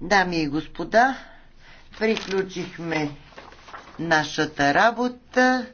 Дами и господа, приключихме нашата работа.